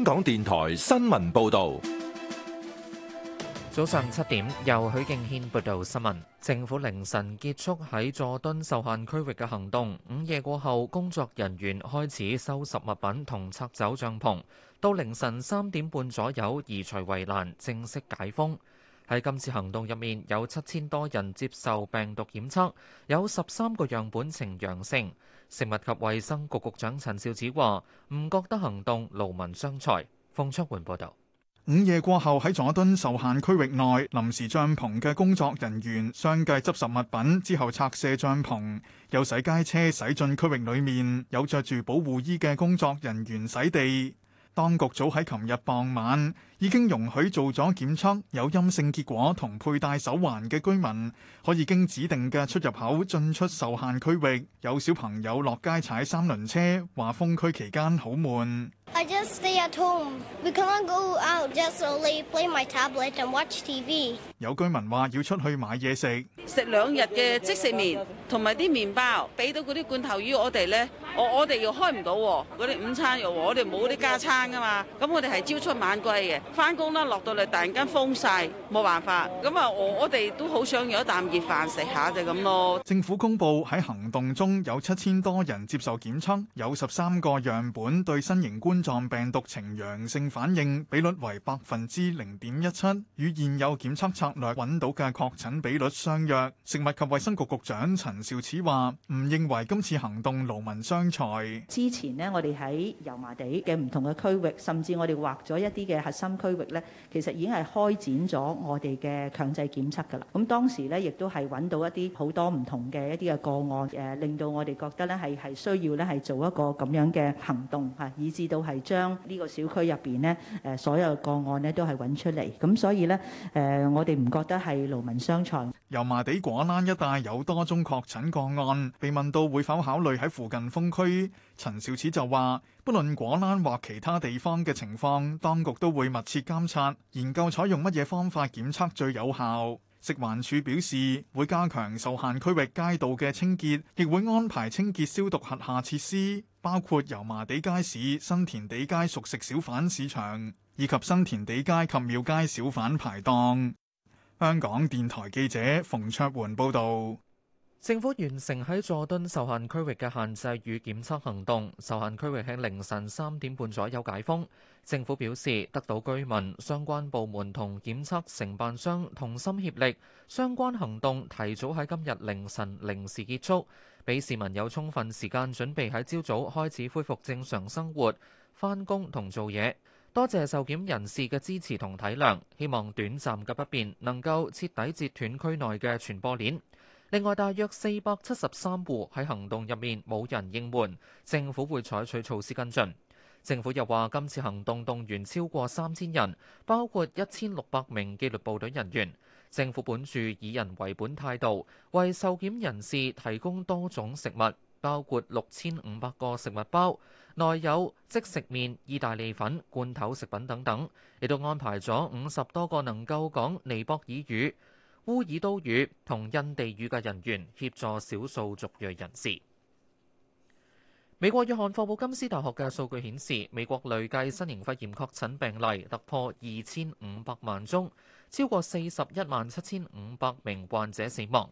香港電台新聞報道，早上七點由許敬軒報道新聞。政府凌晨結束喺佐敦受限區域嘅行動，午夜過後，工作人員開始收拾物品同拆走帳篷，到凌晨三點半左右，移除圍欄正式解封。喺今次行動入面，有七千多人接受病毒檢測，有十三個樣本呈陽性。食物及衛生局局長陳肇始話：唔覺得行動勞民傷財。馮卓桓報導。午夜過後喺佐敦受限區域內，臨時帳篷嘅工作人員相繼執拾物品，之後拆卸帳篷，又洗街車駛進區域裡面，有著住保護衣嘅工作人員洗地。當局早喺琴日傍晚，已經容許做咗檢測有陰性結果同佩戴手環嘅居民，可以經指定嘅出入口進出受限區域。有小朋友落街踩三輪車，話封區期間好悶。I just stay at home. We cannot go out. Just only play my tablet and watch TV. 有居民話要出去買嘢食。食兩日嘅即食麵同埋啲麵包，俾到嗰啲罐頭魚我哋呢？我我哋又開唔到。嗰啲午餐又我哋冇啲加餐噶嘛，咁我哋係朝出晚歸嘅。翻工啦，落到嚟突然間封晒冇辦法。咁啊，我我哋都好想有一啖熱飯食下就咁咯。政府公布喺行動中有七千多人接受檢測，有十三個樣本對新型冠狀病毒呈陽性反應，比率為百分之零點一七，與現有檢測策略揾到嘅確診比率相若。食物及衛生局局長陳肇始話唔認為今次行動勞民傷財，之前咧，我哋喺油麻地嘅唔同嘅區域，甚至我哋劃咗一啲嘅核心。區域咧，其實已經係開展咗我哋嘅強制檢測㗎啦。咁當時咧，亦都係揾到一啲好多唔同嘅一啲嘅個案，誒令到我哋覺得咧係係需要咧係做一個咁樣嘅行動嚇，以至到係將呢個小區入邊呢誒所有個案咧都係揾出嚟。咁所以咧誒、呃，我哋唔覺得係勞民傷財。油麻地果欄一帶有多宗確診個案，被問到會否考慮喺附近封區，陳肇始就話。不論果欄或其他地方嘅情況，當局都會密切監察研究採用乜嘢方法檢測最有效。食環署表示，會加強受限區域街道嘅清潔，亦會安排清潔消毒轄下設施，包括油麻地街市、新填地街熟食小販市場以及新填地街及廟街小販排檔，香港電台記者馮卓桓報道。政府完成喺佐敦受限區域嘅限制與檢測行動，受限區域喺凌晨三點半左右解封。政府表示得到居民、相關部門同檢測承辦商同心協力，相關行動提早喺今日凌晨零時結束，俾市民有充分時間準備喺朝早開始恢復正常生活、返工同做嘢。多謝受檢人士嘅支持同體諒，希望短暫嘅不便能夠徹底截斷斷區內嘅傳播鏈。另外，大約四百七十三戶喺行動入面冇人應門，政府會採取措施跟進。政府又話，今次行動動員超過三千人，包括一千六百名紀律部隊人員。政府本住以人為本態度，為受檢人士提供多種食物，包括六千五百個食物包，內有即食麵、意大利粉、罐頭食品等等，亦都安排咗五十多個能夠講尼泊爾語。烏爾都語同印地語嘅人員協助少數族裔人士。美國約翰霍普金斯大學嘅數據顯示，美國累計新型肺炎確診病例突破二千五百萬宗，超過四十一萬七千五百名患者死亡。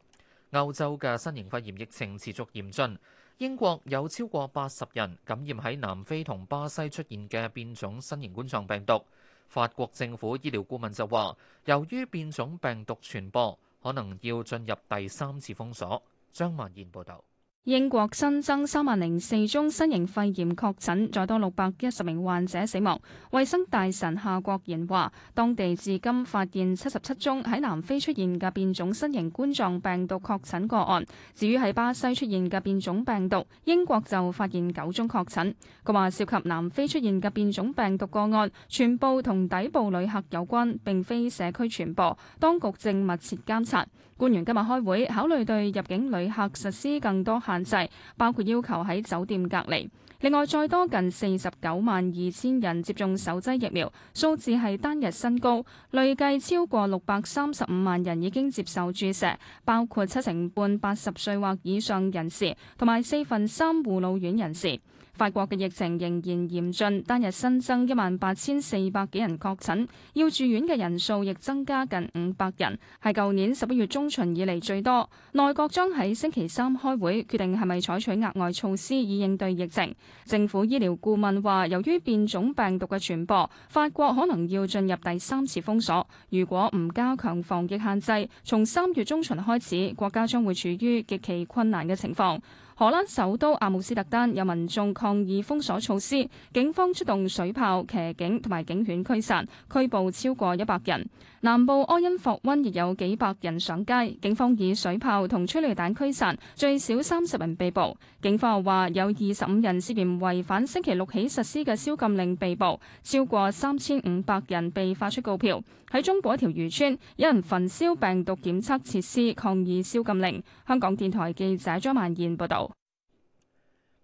歐洲嘅新型肺炎疫情持續嚴峻，英國有超過八十人感染喺南非同巴西出現嘅變種新型冠狀病毒。法國政府醫療顧問就話，由於變種病毒傳播，可能要進入第三次封鎖。張曼燕報導。英國新增三萬零四宗新型肺炎確診，再多六百一十名患者死亡。衛生大臣夏國賢話，當地至今發現七十七宗喺南非出現嘅變種新型冠狀病毒確診個案。至於喺巴西出現嘅變種病毒，英國就發現九宗確診。佢話涉及南非出現嘅變種病毒個案，全部同抵埗旅客有關，並非社區傳播。當局正密切監察。官員今日開會，考慮對入境旅客實施更多限制，包括要求喺酒店隔離。另外，再多近四十九萬二千人接種首劑疫苗，數字係單日新高。累計超過六百三十五萬人已經接受注射，包括七成半八十歲或以上人士，同埋四分三護老院人士。法國嘅疫情仍然嚴峻，單日新增一萬八千四百幾人確診，要住院嘅人數亦增加近五百人，係舊年十一月中旬以嚟最多。內閣將喺星期三開會決定係咪採取額外措施以應對疫情。政府醫療顧問話，由於變種病毒嘅傳播，法國可能要進入第三次封鎖，如果唔加強防疫限制，從三月中旬開始，國家將會處於極其困難嘅情況。荷蘭首都阿姆斯特丹有民眾抗議封鎖措施，警方出動水炮、騎警同埋警犬驅散，拘捕超過一百人。南部安因霍温亦有幾百人上街，警方以水炮同催淚彈驅散，最少三十人被捕。警方又話有二十五人涉嫌違反星期六起實施嘅宵禁令被捕，超過三千五百人被發出告票。喺中國一條漁村，有人焚燒病毒檢測設施抗議宵禁令。香港電台記者張曼燕報導。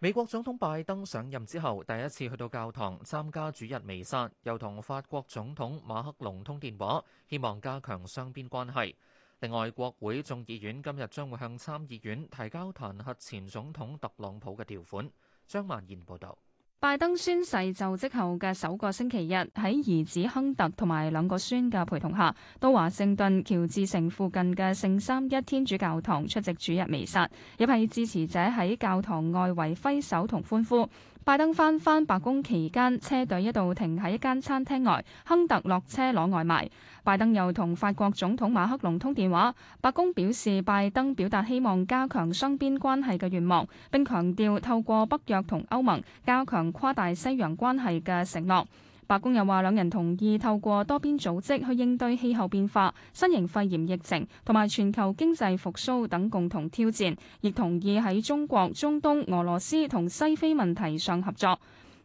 美國總統拜登上任之後，第一次去到教堂參加主日彌撒，又同法國總統馬克龍通電話，希望加強雙邊關係。另外，國會眾議院今日將會向參議院提交彈劾前總統特朗普嘅條款。張曼賢報導。拜登宣誓就職後嘅首個星期日，喺兒子亨特同埋兩個孫嘅陪同下，到華盛頓喬治城附近嘅聖三一天主教堂出席主日彌撒。一批支持者喺教堂外圍揮手同歡呼。拜登返返白宮期間，車隊一度停喺一間餐廳外，亨特落車攞外賣。拜登又同法國總統馬克龍通電話。白宮表示，拜登表達希望加強雙邊關係嘅願望，並強調透過北約同歐盟加強跨大西洋關係嘅承諾。白宮又話，兩人同意透過多邊組織去應對氣候變化、新型肺炎疫情同埋全球經濟復甦等共同挑戰，亦同意喺中國、中東、俄羅斯同西非問題上合作。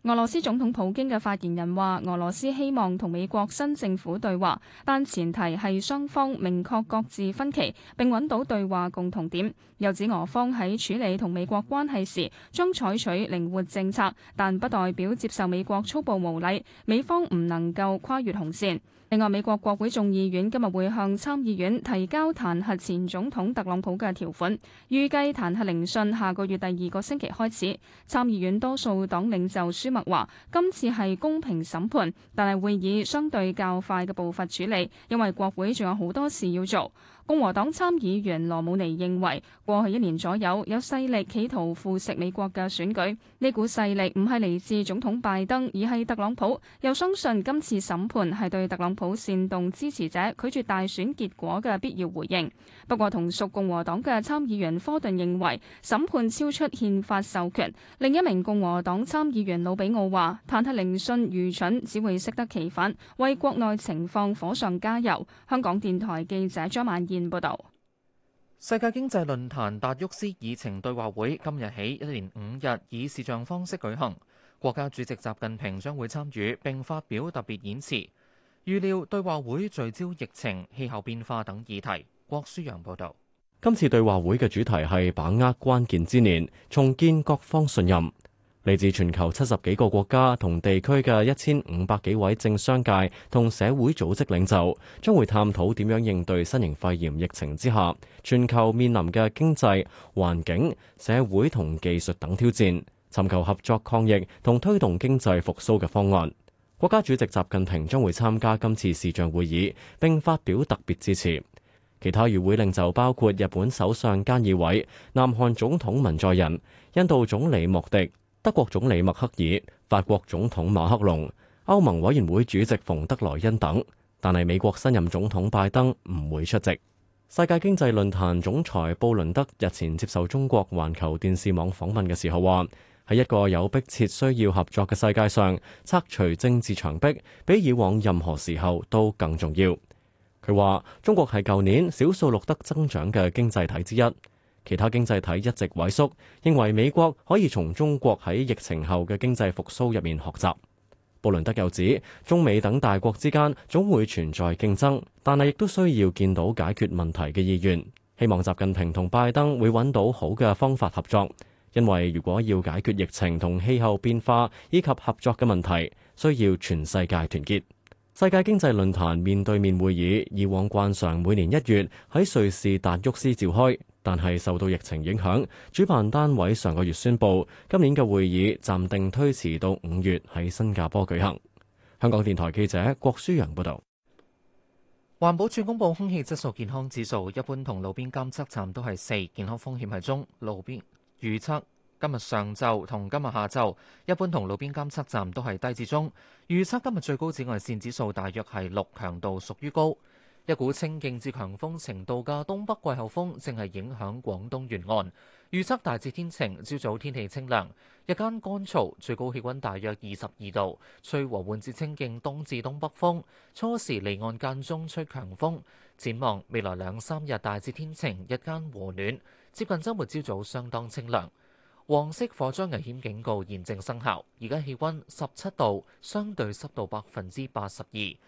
俄羅斯總統普京嘅發言人話，俄羅斯希望同美國新政府對話，但前提係雙方明確各自分歧，並揾到對話共同點。又指俄方喺處理同美國關係時，將採取靈活政策，但不代表接受美國粗暴無禮。美方唔能夠跨越紅線。另外，美國國會眾議院今日會向參議院提交彈劾前總統特朗普嘅條款，預計彈劾聆訊下個月第二個星期開始。參議院多數黨領袖舒默話：今次係公平審判，但係會以相對較快嘅步伐處理，因為國會仲有好多事要做。共和黨參議員羅姆尼認為，過去一年左右有勢力企圖腐蝕美國嘅選舉，呢股勢力唔係嚟自總統拜登，而係特朗普。又相信今次審判係對特朗普。普煽動支持者拒絕大選結果嘅必要回應。不過，同屬共和黨嘅參議員科頓認為審判超出憲法授權。另一名共和黨參議員魯比奧話：彈劾聆訊愚蠢，只會適得其反，為國內情況火上加油。香港電台記者張曼燕報道。世界經濟論壇達沃斯議程對話會今日起一連五日以視像方式舉行，國家主席習近平將會參與並發表特別演辭。預料對話會聚焦疫情、氣候變化等議題。郭舒揚報導，今次對話會嘅主題係把握關鍵之年，重建各方信任。嚟自全球七十幾個國家同地區嘅一千五百幾位政商界同社會組織領袖，將會探討點樣應對新型肺炎疫情之下，全球面臨嘅經濟、環境、社會同技術等挑戰，尋求合作抗疫同推動經濟復甦嘅方案。國家主席習近平將會參加今次視像會議並發表特別致辭。其他與會令就包括日本首相菅義偉、南韓總統文在寅、印度總理莫迪、德國總理默克爾、法國總統馬克龍、歐盟委員會主席馮德萊恩等。但係美國新任總統拜登唔會出席。世界經濟論壇總裁布倫德日前接受中國環球電視網訪問嘅時候話。喺一個有迫切需要合作嘅世界上，拆除政治牆壁比以往任何時候都更重要。佢話：中國係舊年少數錄得增長嘅經濟體之一，其他經濟體一直萎縮。認為美國可以從中國喺疫情後嘅經濟復甦入面學習。布倫德又指，中美等大國之間總會存在競爭，但係亦都需要見到解決問題嘅意願。希望習近平同拜登會揾到好嘅方法合作。因為如果要解決疫情同氣候變化以及合作嘅問題，需要全世界團結。世界經濟論壇面對面會議以往慣常每年一月喺瑞士達沃斯召開，但係受到疫情影響，主辦單位上個月宣布今年嘅會議暫定推遲到五月喺新加坡舉行。香港電台記者郭舒陽報導。環保署公布空氣質素健康指數，一般同路邊監測站都係四，健康風險係中，路邊。預測今日上晝同今日下晝，一般同路邊監測站都係低至中。預測今日最高紫外線指數大約係六，強度屬於高。一股清勁至強風程度嘅東北季候風正係影響廣東沿岸。預測大致天晴，朝早天氣清涼，日間乾燥，最高氣温大約二十二度，吹和緩至清勁東至東北風，初時離岸間中吹強風。展望未來兩三日大致天晴，日間和暖。接近周末朝早相當清涼，黃色火災危險警告現正生效。而家氣温十七度，相對濕度百分之八十二。